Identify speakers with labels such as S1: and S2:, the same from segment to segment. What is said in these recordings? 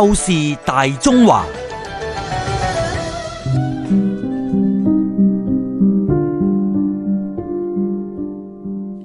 S1: 透視大中華。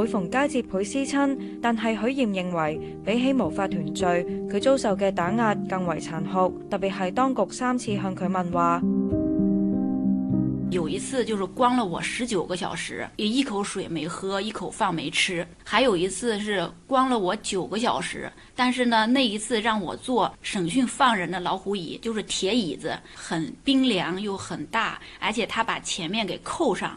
S1: 每逢佳節倍思親，但係許艷認為比起無法團聚，佢遭受嘅打壓更為殘酷，特別係當局三次向佢問話。
S2: 有一次就是關了我十九個小時，也一口水沒喝，一口飯沒吃，還有一次是關了我九個小時，但是呢，那一次讓我坐審訊犯人的老虎椅，就是鐵椅子，很冰涼又很大，而且他把前面給扣上。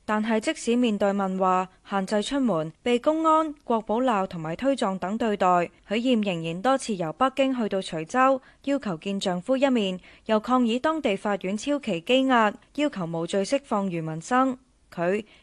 S1: 但係，即使面對問話、限制出門、被公安、國保鬧同埋推撞等對待，許艷仍然多次由北京去到徐州，要求見丈夫一面，又抗議當地法院超期羈押，要求無罪釋放余文生佢。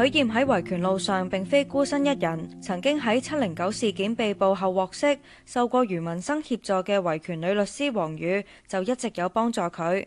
S1: 許燕喺維權路上並非孤身一人，曾經喺七零九事件被捕後獲悉受過余文生協助嘅維權女律師王宇就一直有幫助佢。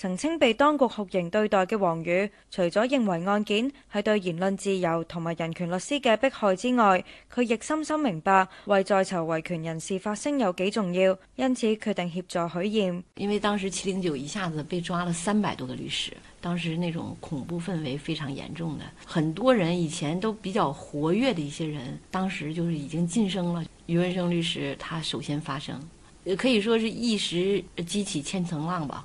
S1: 曾經被當局酷刑對待嘅王宇，除咗認為案件係對言論自由同埋人權律師嘅迫害之外，佢亦深深明白為在囚維權人士發聲有幾重要，因此決定協助許艷。因為當時七零九一下子被抓了三百多個律師，當時那種
S3: 恐怖氛圍非常嚴重的，很多人以前都比較活躍的一些人，當時就是已經噤聲了。余文生律師他首先發聲，可以說是一時激起千層浪吧。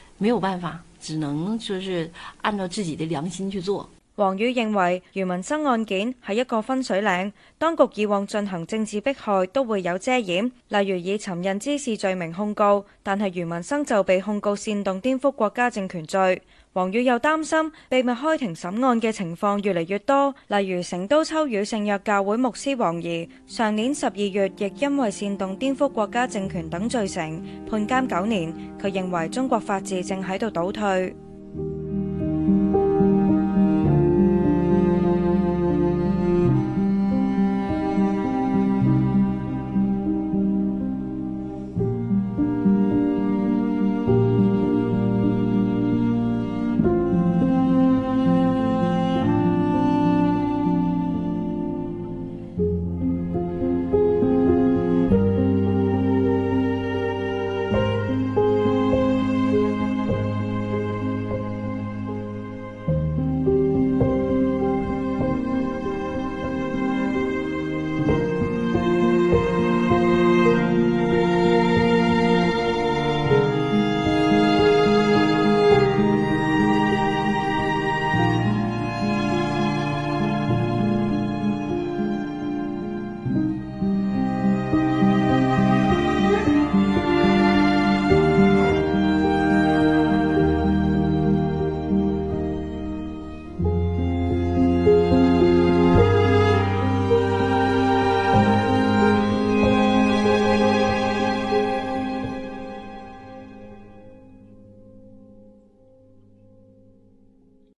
S1: 沒有辦法，只能就是按照自己的良心去做。王宇認為余文生案件係一個分水嶺，當局以往進行政治迫害都會有遮掩，例如以尋釁滋事罪名控告，但係余文生就被控告煽動顛覆國家政權罪。王宇又擔心秘密開庭審案嘅情況越嚟越多，例如成都秋雨聖約教會牧師王怡上年十二月，亦因為煽動顛覆國家政權等罪成判監九年。佢認為中國法治正喺度倒退。